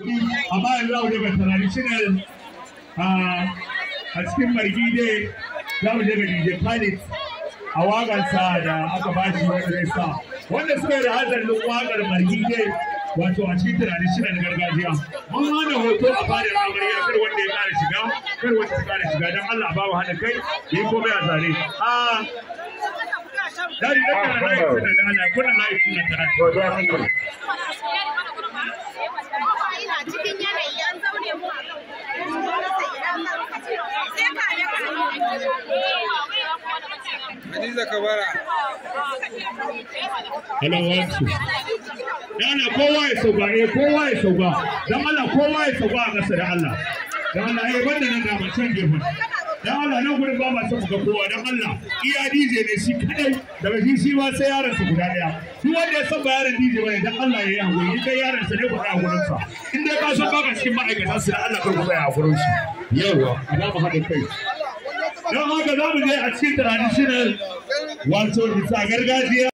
amma yanzu za mu traditional a cikin margi dai za mu je ga DJ Khalid a sa da aka ba shi wanda zai sa wanda suka yi da hazarin waƙar margi dai wato a cikin traditional gargajiya mun hana hoto a fadar amarya kar wanda ya ƙara shiga kar wanda shiga don Allah ba wa haɗa kai yi komai a zare Dari, dari, dari, dari, dari, dari, dari, dari, dari, dari, dari, dari, Hadiza Kabara. Hello, wasu. Yana kowa ya sauka, eh kowa ya sauka. Dan Allah kowa ya sauka a ƙasa da Allah. Dan Allah eh banda nan ga mutum gefen. Dan Allah nan gurin ba ma son ga kowa dan Allah. Iya DJ ne shi kadai da shi shi ma sai yaron sa guda daya. Duk wanda ya san ba yaron DJ bane dan Allah ya yi hakuri. In kai yaron sa ne ku tsaya gurin sa. In dai ka san baka cikin ma'aikata su da Allah kar ku tsaya a gurin su. Yawwa, alama haɗa kai. don haka za mu je a cikin traditional wato bisa gargajiya